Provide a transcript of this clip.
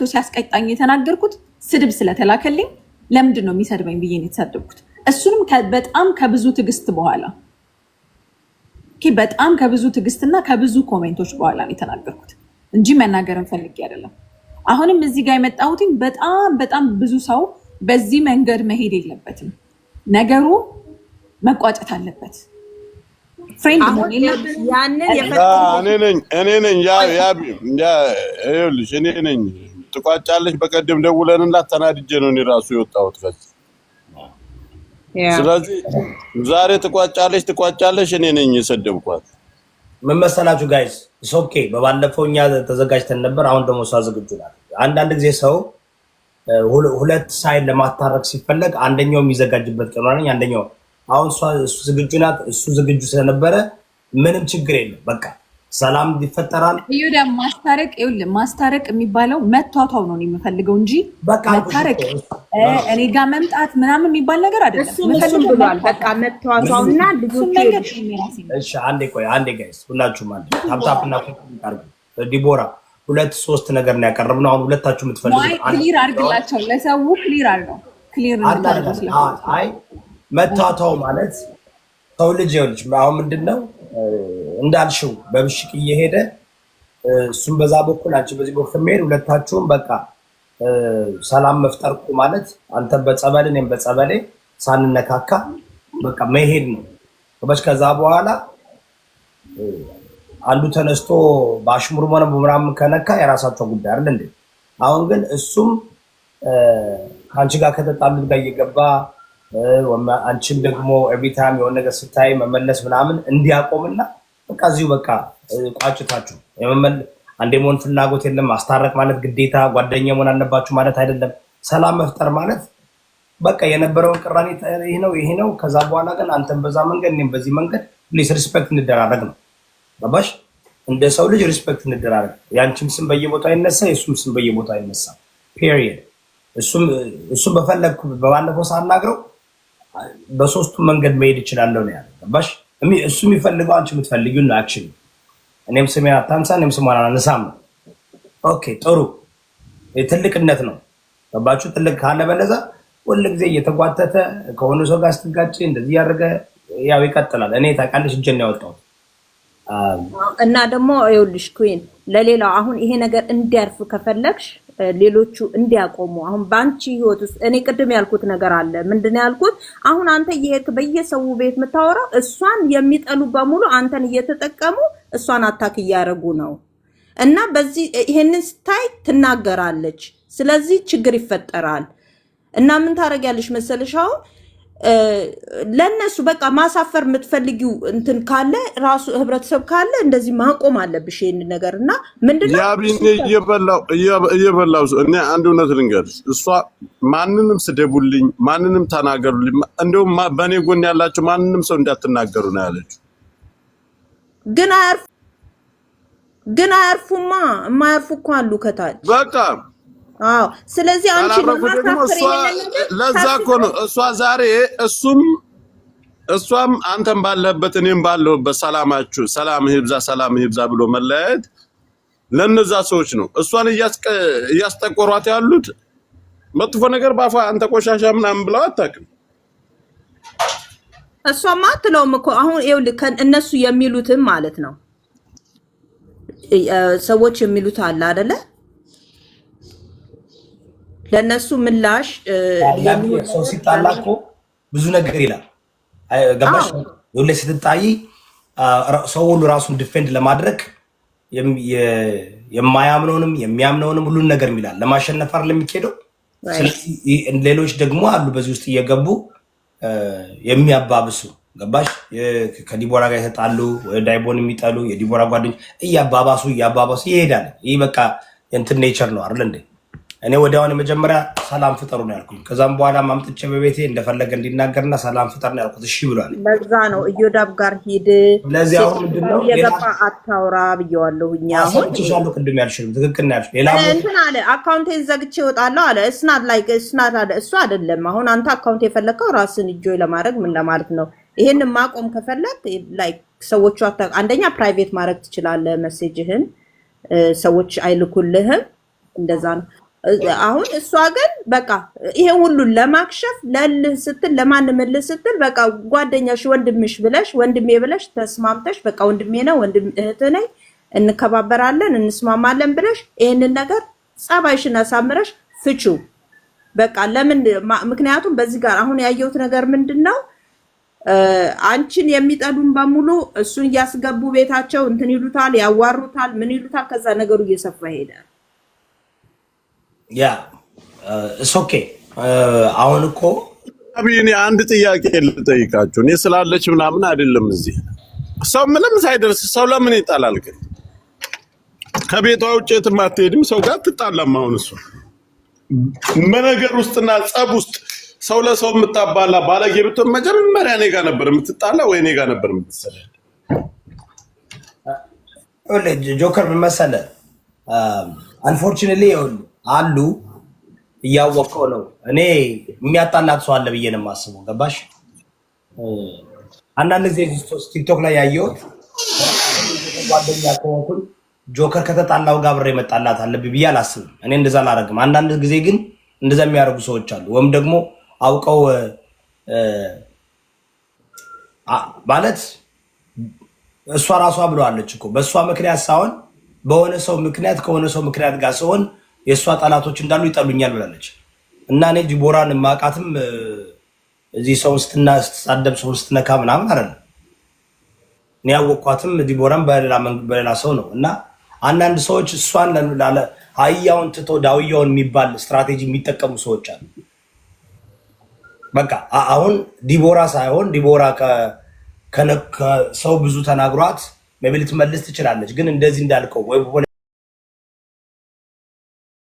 ቶ ሲያስቀጣኝ የተናገርኩት ስድብ ስለተላከልኝ ለምንድን ነው የሚሰድበኝ ብዬ ነው የተሳደብኩት። እሱንም በጣም ከብዙ ትዕግስት በኋላ በጣም ከብዙ ትዕግስትና ከብዙ ኮሜንቶች በኋላ ነው የተናገርኩት እንጂ መናገርን ፈልጌ አይደለም። አሁንም እዚህ ጋር የመጣሁትኝ በጣም በጣም ብዙ ሰው በዚህ መንገድ መሄድ የለበትም። ነገሩ መቋጨት አለበት። ፍሬንድ እኔ ነኝ ያ እኔ ነኝ ትቋጫለች። በቀደም ደውለንላት ተናድጄ ነው እኔ ራሱ የወጣሁት ከዚህ። ስለዚህ ዛሬ ትቋጫለች ትቋጫለች፣ እኔ ነኝ የሰደብኳት። ምን መሰላችሁ ጋይስ ኦኬ። በባለፈው እኛ ተዘጋጅተን ነበር። አሁን ደግሞ እሷ ዝግጁ ናት። አንዳንድ ጊዜ ሰው ሁለት ሳይን ለማታረቅ ሲፈለግ አንደኛው የሚዘጋጅበት ቀን ሆነ። አንደኛው አሁን እሷ ዝግጁ ናት። እሱ ዝግጁ ስለነበረ ምንም ችግር የለም በቃ ሰላም ይፈጠራል። ይሄ ማስታረቅ ይኸውልህ፣ ማስታረቅ የሚባለው መቷቷው ነው የምፈልገው እንጂ መታረቅ፣ እኔ ጋር መምጣት ምናምን የሚባል ነገር አይደለም። ዲቦራ ሁለት ሶስት ነገር ነው ያቀረብ ነው። አሁን ሁለታችሁ የምትፈልጉ ክሊር አድርግላቸው ለሰው ክሊር አድርገው ክሊር አይ መቷቷው ማለት ሰው ልጅ ይኸውልሽ፣ አሁን ምንድን ነው እንዳልሽው በብሽቅ እየሄደ እሱም በዛ በኩል አንቺ በዚህ በኩል ከመሄድ ሁለታችሁም በቃ ሰላም መፍጠርኩ ማለት አንተ በጸበል እኔም በጸበሌ ሳንነካካ በቃ መሄድ ነው። ከበሽ ከዛ በኋላ አንዱ ተነስቶ በአሽሙር ሆነ በምናምን ከነካ የራሳቸው ጉዳይ አይደል እንዴ? አሁን ግን እሱም ከአንቺ ጋር ከተጣሉት ጋር እየገባ አንቺም ደግሞ ኤቭሪ ታይም የሆነ ነገር ስታይ መመለስ ምናምን እንዲያቆምና በቃ እዚሁ በቃ ቋጭታችሁ የመመል አንዴ መሆን ፍላጎት የለም። ማስታረቅ ማለት ግዴታ ጓደኛ መሆን አለባችሁ ማለት አይደለም። ሰላም መፍጠር ማለት በቃ የነበረውን ቅራኔ ይህ ነው ይሄ ነው። ከዛ በኋላ ግን አንተን በዛ መንገድ እኔም በዚህ መንገድ ፕሊስ ሪስፔክት እንደራረግ ነው። ገባሽ? እንደ ሰው ልጅ ሪስፔክት እንደራረግ። ያንቺም ስም በየቦታ ይነሳ፣ የእሱም ስም በየቦታ ይነሳ። ፔሪየድ። እሱም በፈለግኩ በባለፈው ሳናግረው በሶስቱ መንገድ መሄድ ይችላለሁ ነው ያለ። ገባሽ? እሱ የሚፈልገው አንቺ የምትፈልጊው ነው። አክሽን እኔም ስሜ አታንሳ፣ እኔም ስሟ አላነሳም ኦኬ ጥሩ ትልቅነት ነው። ገባችሁ? ትልቅ ካለ በለዛ ሁል ጊዜ እየተጓተተ ከሆነ ሰው ጋር ስትጋጭ እንደዚህ ያደረገ ያው ይቀጥላል። እኔ ታውቃለሽ እጄን ያወጣሁት እና ደግሞ ይኸውልሽ ኩዊን ለሌላው አሁን ይሄ ነገር እንዲያርፍ ከፈለግሽ ሌሎቹ እንዲያቆሙ አሁን በአንቺ ህይወት ውስጥ እኔ ቅድም ያልኩት ነገር አለ። ምንድን ያልኩት? አሁን አንተ እየሄድክ በየሰው ቤት የምታወራው እሷን የሚጠሉ በሙሉ አንተን እየተጠቀሙ እሷን አታክ እያደረጉ ነው። እና በዚህ ይሄንን ስታይ ትናገራለች። ስለዚህ ችግር ይፈጠራል። እና ምን ታደርጊያለሽ መሰለሽ አሁን ለእነሱ በቃ ማሳፈር የምትፈልጊው እንትን ካለ ራሱ ህብረተሰብ ካለ እንደዚህ ማቆም አለብሽ ይህን ነገር እና ምንድነው እየበላው እኔ አንድ እውነት ልንገርሽ እሷ ማንንም ስደቡልኝ ማንንም ተናገሩልኝ እንደውም በእኔ ጎን ያላቸው ማንንም ሰው እንዳትናገሩ ነው ያለችው ግን አያርፉማ የማያርፉ እኮ አሉ ከታች በቃ አዎ ስለዚህ አንቺ ለዛ እኮ ነው እሷ ዛሬ እሱም እሷም አንተም ባለበት እኔም ባለሁበት ሰላማችሁ ሰላም ይብዛ ሰላም ይብዛ ብሎ መለያየት ለነዛ ሰዎች ነው። እሷን እያስጠቆሯት ያሉት መጥፎ ነገር በአፏ አንተ ቆሻሻ ምናምን ብለው አታውቅም። እሷማ አትለውም እኮ አሁን ይኸውልህ፣ እነሱ የሚሉትም ማለት ነው ሰዎች የሚሉት አለ አይደለ ለእነሱ ምላሽ ሰው ሲጣላ እኮ ብዙ ነገር ይላል። ገባሽ? ሁሌ ስትጣይ ሰው ሁሉ ራሱን ዲፌንድ ለማድረግ የማያምነውንም የሚያምነውንም ሁሉን ነገር ይላል። ለማሸነፍ አይደል የሚኬደው። ስለዚህ ሌሎች ደግሞ አሉ በዚህ ውስጥ እየገቡ የሚያባብሱ ገባሽ? ከዲቦራ ጋር የተጣሉ ዳይቦን የሚጠሉ የዲቦራ ጓደኞች እያባባሱ እያባባሱ ይሄዳል። ይህ በቃ እንትን ኔቸር ነው አይደል እንዴ? እኔ ወዲያውን መጀመሪያ ሰላም ፍጠሩ ነው ያልኩኝ። ከዛም በኋላ ማምጥቼ በቤቴ እንደፈለገ እንዲናገርና ሰላም ፍጠር ነው ያልኩት። እሺ ብሏል። ለዛ ነው እዮዳብ ጋር ሂድ። ለዚህ አሁን ምንድነው የገባ አታውራ ብየዋለሁ። እኛ አሁን ትሻሉ ቅድም ያልሽልም ትክክል ያልሽ። ሌላ እንትን አለ አካውንቴን ዘግቼ እወጣለሁ አለ። እስናት ላይ እስናት አለ። እሱ አይደለም አሁን አንተ አካውንት የፈለግከው ራስን እጆይ ለማድረግ ምን ለማለት ነው? ይሄን ማቆም ከፈለግ ላይክ ሰዎቹ አንደኛ ፕራይቬት ማድረግ ትችላለህ። መሴጅህን ሰዎች አይልኩልህም። እንደዛ ነው። አሁን እሷ ግን በቃ ይሄ ሁሉን ለማክሸፍ ለልህ ስትል ለማንምልህ ስትል በቃ ጓደኛሽ ወንድምሽ ብለሽ ወንድሜ ብለሽ ተስማምተሽ በቃ ወንድሜ ነው ወንድም እህት ነኝ እንከባበራለን እንስማማለን ብለሽ ይህንን ነገር ጸባይሽን አሳምረሽ ፍቹ በቃ ለምን ምክንያቱም በዚህ ጋር አሁን ያየሁት ነገር ምንድን ነው አንቺን የሚጠሉን በሙሉ እሱን እያስገቡ ቤታቸው እንትን ይሉታል ያዋሩታል ምን ይሉታል ከዛ ነገሩ እየሰፋ ይሄዳል ያ ኦኬ። አሁን እኮ አብይኔ አንድ ጥያቄ ልጠይቃችሁ። እኔ ስላለች ምናምን አይደለም። እዚህ ሰው ምንም ሳይደርስ ሰው ለምን ይጣላል? ግን ከቤቷ ውጭ የትም አትሄድም። ሰው ጋር ትጣላም። አሁን እሱ መነገር ውስጥና ጸብ ውስጥ ሰው ለሰው የምታባላ ባለጌ ብትሆን መጀመሪያ እኔ ጋር ነበር የምትጣላ ወይ እኔ ጋር ነበር የምትሰለል። ጆከር ምን መሰለህ አንፎርቹኔትሊ አሉ እያወቀው ነው። እኔ የሚያጣላት ሰው አለ ብዬ ነው የማስበው። ገባሽ? አንዳንድ ጊዜ ቲክቶክ ላይ ያየሁት ጓደኛ ከሆንኩኝ ጆከር ከተጣላው ጋር ብሬ መጣላት አለብኝ ብዬ አላስብም። እኔ እንደዛ አላደርግም። አንዳንድ ጊዜ ግን እንደዛ የሚያደርጉ ሰዎች አሉ። ወይም ደግሞ አውቀው ማለት እሷ ራሷ ብለዋለች እኮ በእሷ ምክንያት ሳይሆን በሆነ ሰው ምክንያት ከሆነ ሰው ምክንያት ጋር ሲሆን የእሷ ጠላቶች እንዳሉ ይጠሉኛል ብላለች እና እኔ ዲቦራን ማቃትም እዚህ ሰውን ስትና ስትሳደብ ሰውን ስትነካ ምናምን አለ እኔ ያወቅኳትም ዲቦራን በሌላ ሰው ነው እና አንዳንድ ሰዎች እሷን አህያውን ትቶ ዳውያውን የሚባል ስትራቴጂ የሚጠቀሙ ሰዎች አሉ። በቃ አሁን ዲቦራ ሳይሆን ዲቦራ ከሰው ብዙ ተናግሯት መብል ትመልስ ትችላለች፣ ግን እንደዚህ እንዳልከው ወይ